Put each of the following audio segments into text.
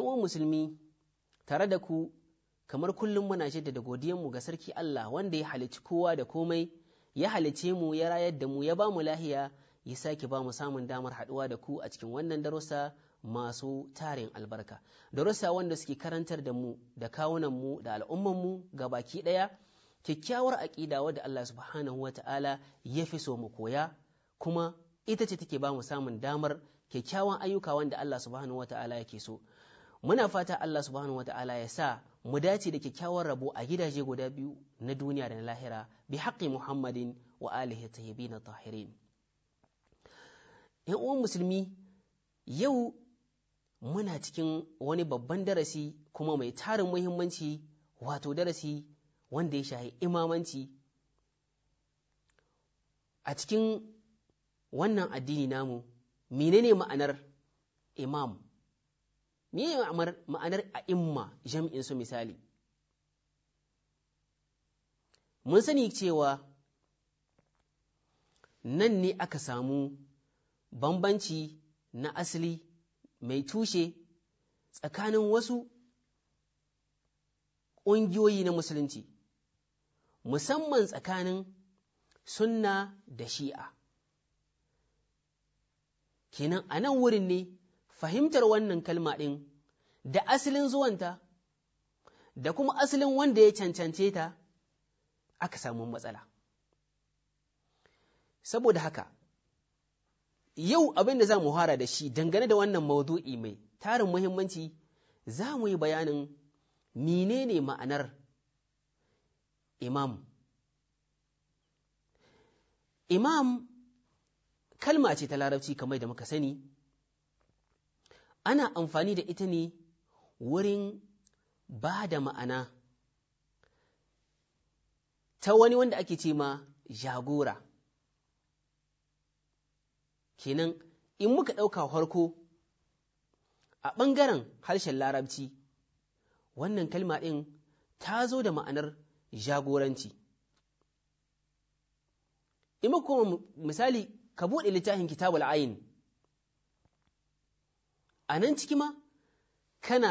uwan musulmi tare da ku kamar kullum muna jaddada godiyanmu ga sarki Allah wanda ya halicci kowa da komai ya halice mu ya rayar da mu ya ba mu lahiya ya sake ba mu samun damar haɗuwa da ku a cikin wannan darussa masu tarin albarka darussa wanda suke karantar da mu da kawunan mu da al'umman mu ga baki ɗaya kyakkyawar aƙida wadda Allah subhanahu wa ya fi so mu koya kuma ita ce take ba mu samun damar kyakkyawan ayyuka wanda Allah subhanahu wa yake so muna fata Allah subhanahu wata'ala ya sa mu dace da kyakkyawar rabo a gidaje guda biyu na duniya da na lahira bi haƙƙi Muhammadin wa alihi tayyibin tahirin ƴan uwan musulmi yau muna cikin wani babban darasi kuma mai tarin muhimmanci wato darasi wanda ya shahi imamanci a cikin wannan addini namu menene ma'anar imam me ne ma'anar a imma jam'in su misali mun sani cewa nan ne aka samu bambanci na asali mai tushe tsakanin wasu ƙungiyoyi na musulunci musamman tsakanin sunna da shi'a kenan a nan wurin ne fahimtar wannan kalma ɗin da asalin zuwanta da kuma asalin wanda ya cancance ta aka samu matsala saboda haka yau abin da za mu hara da shi dangane da wannan maudu'i mai tarin muhimmanci za mu yi bayanin menene ma'anar imam imam kalma ce ta larabci kamar da muka sani ana amfani da ita ne wurin ba da ma'ana ta wani wanda ake ce ma jagora kenan in muka ɗauka harko a ɓangaren harshen larabci wannan kalma ɗin ta zo da ma'anar jagoranci in koma misali ka buɗe littafin kitabul ayin a nan ciki ma kana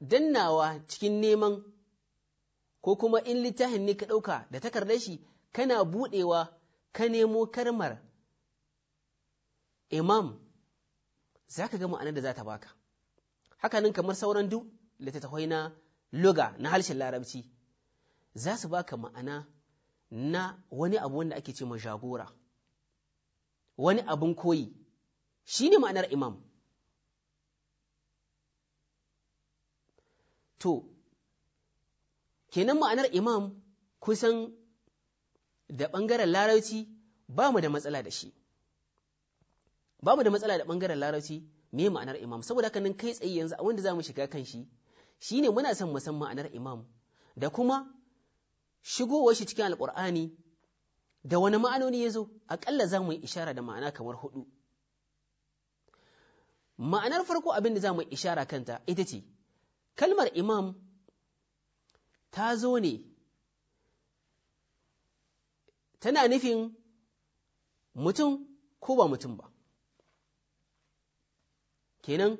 dannawa cikin neman ko kuma in littafin ne ka ɗauka da takardar shi kana buɗewa ka nemo karmar imam za ka ga ma'anar da za ta baka nan kamar sauran duk littattafai na loga na harshen larabci za su baka ma'ana na wani abu wanda ake ce ma jagora wani abin koyi shi ne ma'anar imam To, kenan ma'anar imam kusan da ɓangaren larabci ba mu da matsala da shi. Ba mu da matsala da ɓangaren larabci me ma'anar imam, saboda haka kai tsaye yanzu a wanda za mu shiga kan shi, shi ne muna son musan ma'anar imam da kuma shigowar shi cikin alƙur'ani da wani ma'anoni ya zo, aƙalla za mu yi ishara da ma'ana kamar huɗu. Ma'anar farko abin da za mu ishara kanta ita ce, kalmar imam ta zo ne tana nufin mutum ko ba mutum ba kenan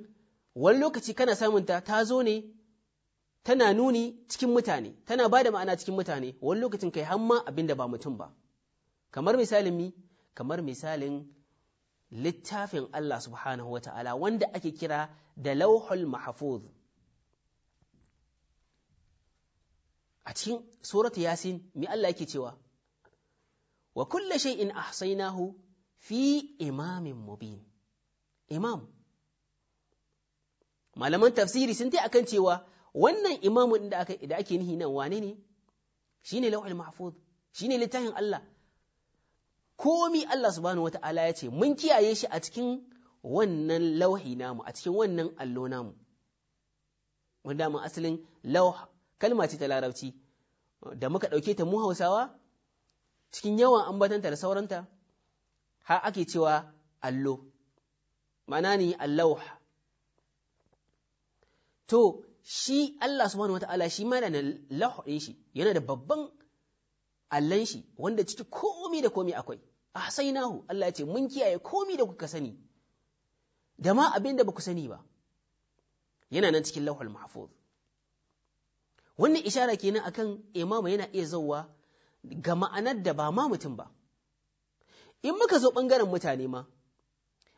wani lokaci kana samunta ta zo ne tana nuni cikin mutane tana ba da ma'ana cikin mutane wani lokacin kai hamma abin da ba mutum ba kamar misalin mi kamar misalin littafin Allah subhanahu wa ta'ala wanda ake kira da lauhul mahfuz a cikin suratu yasin me Allah yake cewa wa kulle shay'in ahsaynahu fi imamin mubin imam malaman tafsiri sun tai akan cewa wannan imamun da aka da ake nihi nan wane ne shine lawhul mahfuz shine littafin Allah komi Allah subhanahu wata'ala ya ce mun kiyaye shi a cikin wannan lauhi namu a cikin wannan allo namu wanda mu asalin lauh kalma ce ta larabci da muka ɗauke ta mu hausawa cikin yawan ambatanta da sauranta har ake cewa allo mana ne allauh to shi Allah subhanahu wata'ala shi ma yana lauh ɗin shi yana da babban allon shi wanda ciki komi da komi akwai sai nahu. Allah ya ce mun kiyaye komi da kuka sani da ma abin da ba ku sani ba yana nan cikin lauhul mahfuz wannan ishara kenan akan imama yana iya zauwa ga ma'anar da ba ma mutum ba in muka zo ɓangaren mutane ma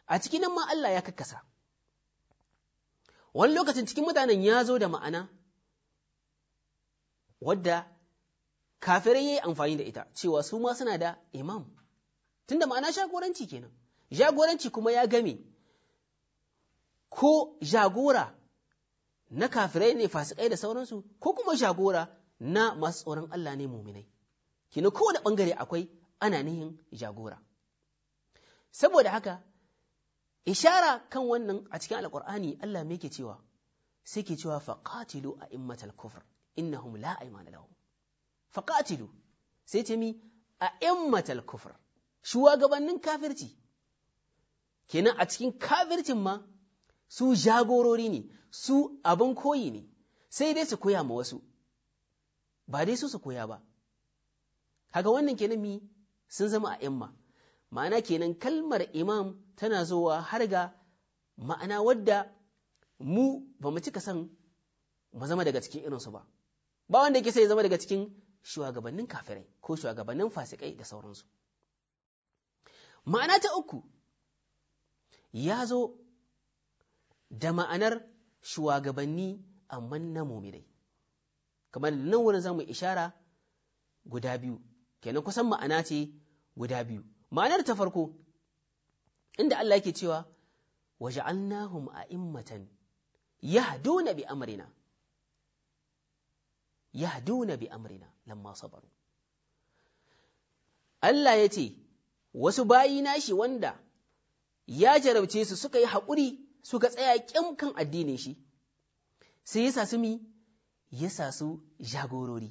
a cikin nan ma Allah ya kakkasa wani lokacin cikin mutanen ya zo da ma'ana wadda kafirai ya yi amfani da ita cewa su ma suna da imam tunda ma'ana jagoranci kenan jagoranci kuma ya game ko jagora na kafirai ne fasikai da sauransu ko kuma jagora na masu tsoron Allah ne muminai kina kowane bangare akwai ana nihin jagora saboda haka ishara kan wannan a cikin alkur'ani Allah me yake cewa sai ke cewa faqatilu a immatal kufr innahum la aymana lahum faqatilu sai ce mi a immatal kufr shugabannin kafirci kenan a cikin kafircin ma su jagorori ne su abin koyi ne sai dai su koya ma wasu ba dai su su koya ba kaga wannan kenan mi sun zama a imma ma'ana kenan kalmar imam tana zowa har ga ma'ana wadda mu ba mu cika san mu zama daga cikin irinsu ba ba wanda yake sai ya zama daga cikin shugabannin kafirai ko shugabannin fasikai da sauransu ma'ana ta uku ya zo da ma'anar shugabanni amma na muminai kamar nan wurin zamu ishara guda biyu kenan kusan ma'ana ce guda biyu ma'anar ta farko inda Allah yake cewa waja'alnahum a'immatan yahduna bi amrina yahduna bi amrina lamma sabaru Allah ya ce wasu bayi nashi wanda ya jarabce su suka yi haƙuri suka tsaya kyan kan addini shi sai ya sasu mi ya sasu jagorori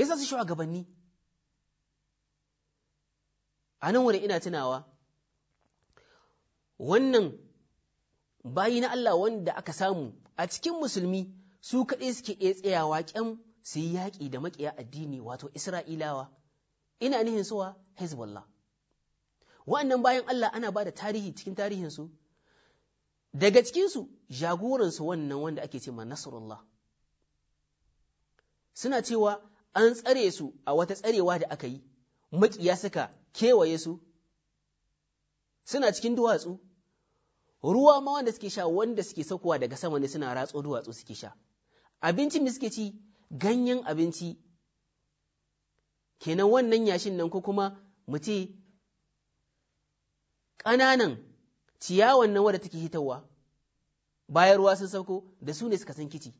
ya sasu shugabanni a nan wurin ina tunawa wannan bayi na Allah wanda aka samu a cikin musulmi su kaɗai suke iya tsayawa ƙyan su yi yaƙi da maƙiya addini wato Isra'ilawa, ina nihin suwa Hezbollah. Wa'annan bayan Allah ana ba da tarihi cikin tarihinsu daga cikinsu jagoransu wannan wanda ake ce Nasrullah suna cewa an tsare su a wata tsarewa da aka yi maƙiya suka kewaye su suna cikin duwatsu ruwa ma wanda suke sha wanda suke saukowa daga sama ne suna ratso duwatsu suke sha abincin da suke ci ganyen abinci kenan wannan yashin nan ko kuma mu ce ƙananan ciyawan nan wadda take hitowa bayan ruwa sun sauko da su ne suka san kici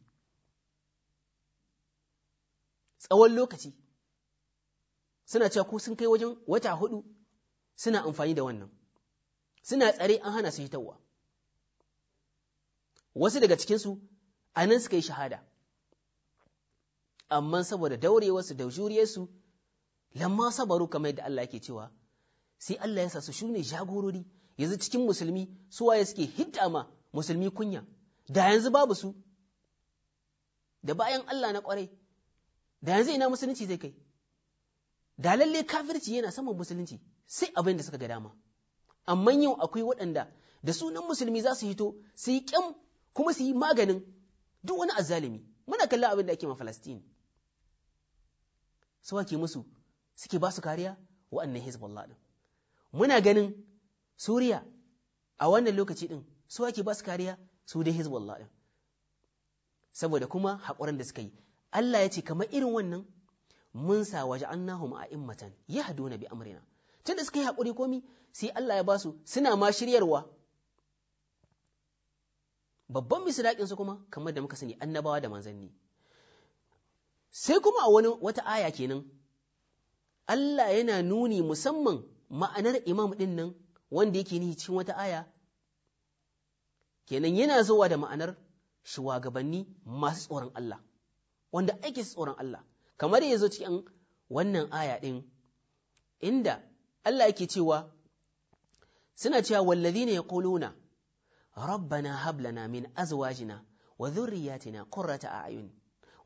tsawon lokaci suna cewa ko sun kai wajen wata hudu suna amfani da wannan suna tsare an hana su hitowa wasu daga cikinsu a nan suka yi shahada amma saboda daurewarsu da juriyarsu lamma sabaru kamar yadda Allah ke cewa sai Allah ya sa su shune jagorori yanzu cikin musulmi su waye suke hidda ma musulmi kunya da yanzu babu su da bayan Allah na kwarai da yanzu ina musulunci zai kai da lalle kafirci yana saman musulunci sai abin da suka ga dama amma yau akwai waɗanda da sunan musulmi za su hito su yi kyan kuma su yi maganin duk wani azzalimi muna kallon abin da ake ma Falastin suwa ke musu suke ba su kariya wa'annan Hezbollah din muna ganin Suriya a wannan lokaci ɗin su ake ba su kariya su dai Hezbollah ɗin. Saboda kuma haƙurin da suka yi, Allah ya ce kamar irin wannan mun sa waje an nahu a'immatan ya na bi amrina. Tunda suka yi haƙuri komi sai Allah ya ba su suna ma shiryarwa. Babban misiraƙinsu kuma kamar da muka sani annabawa da manzanni. Sai kuma a wani wata aya kenan Allah yana nuni musamman ma'anar imam ɗin nan wanda yake ni cikin wata aya kenan yana zuwa da ma'anar shugabanni masu tsoron Allah wanda ake tsoron Allah kamar ya zo cikin wannan aya ɗin inda Allah yake cewa suna cewa ya yaquluna rabbana hablana min azwajina wa zurriyatina qurrata a'yun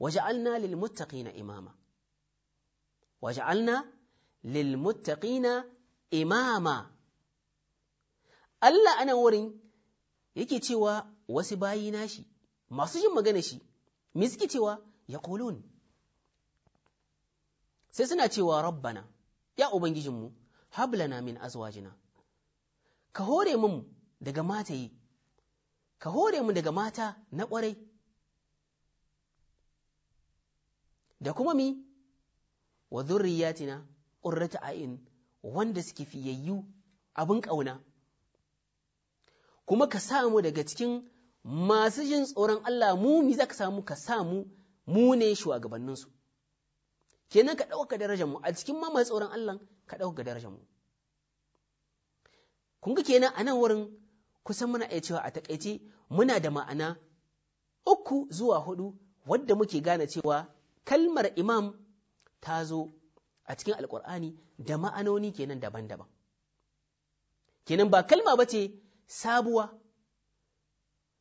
waj'alna lil muttaqina imama waj'alna lil muttaqina imama Allah anan wurin yake cewa wasu bayi nashi masu jin magana shi me suke cewa ya kolon sai suna cewa rabbana ya ubangijinmu hablana min azwajina ka hore mun daga ka hore mu daga mata na ƙwarai da kuma mi wa zurriyatina a in wanda suke fiyayyu abin ƙauna kuma ka samu daga cikin masu jin tsoron Allah mu mi za ka samu ka samu mu ne shugabanninsu kenan ka ɗauka darajar mu a cikin ma masu tsoron Allah ka ɗauka darajar mu kun ga kenan a nan wurin kusan muna iya cewa a taƙaice muna da ma'ana uku zuwa hudu wadda muke gane cewa kalmar imam ta zo a cikin Alƙur'ani da ma'anoni kenan daban-daban kenan ba kalma ba ce sabuwa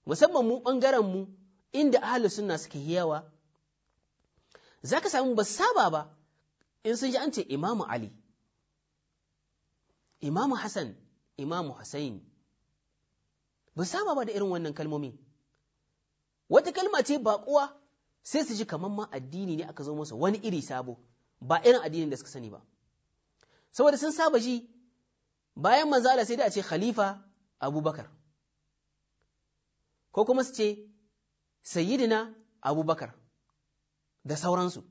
musamman mu ɓangaren mu inda ahalus sunna suke yawa za ka samu ba saba ba in sun ji an ce imamu ali imamu hassan imamu hussein ba saba ba da irin wannan kalmomi wata kalma ce baƙuwa sai su ji kamar ma addini ne aka zo masa wani iri sabo ba irin addinin da suka sani ba saboda sun saba ji bayan manzala sai da a ce khalifa abubakar ko kuma su ce sayyidina abubakar da sauransu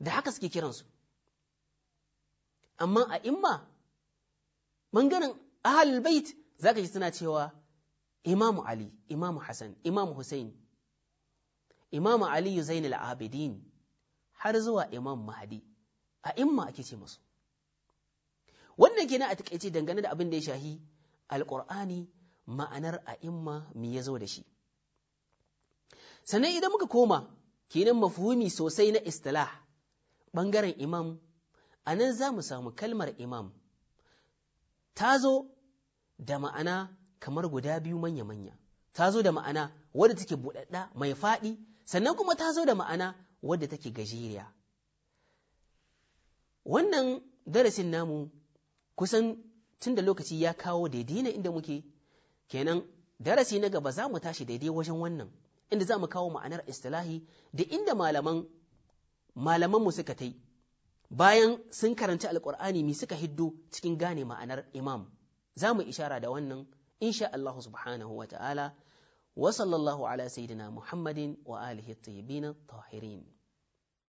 da haka suke kiransu amma a imma ɓangaren ahalul bait za ka ji suna cewa imamu ali imamu hassan imamu hussein imamu ali zainul abidin har zuwa imam mahadi a imma ake ce masu wannan kenan a takaice dangane da abin da ya shahi alƙur'ani ma'anar a'imma mi ya zo da shi sannan idan muka koma kenan mafhumi sosai na istilah ɓangaren imam a nan za mu samu kalmar imam ta zo da ma'ana kamar guda biyu manya-manya ta zo da ma'ana wadda take buɗaɗɗa mai faɗi sannan kuma ta zo da ma'ana wadda take gajeriya wannan darasin namu kusan tun da lokaci ya kawo daidai na inda muke kenan darasi na gaba za mu tashi daidai wajen wannan inda za mu kawo ma'anar istilahi da inda malaman malaman mu suka tai bayan sun karanci alkur'ani mi suka hiddo cikin gane ma'anar imam za mu ishara da wannan insha Allah subhanahu wa ta'ala wa sallallahu ala sayyidina Muhammadin wa alihi at-tayyibin tahirin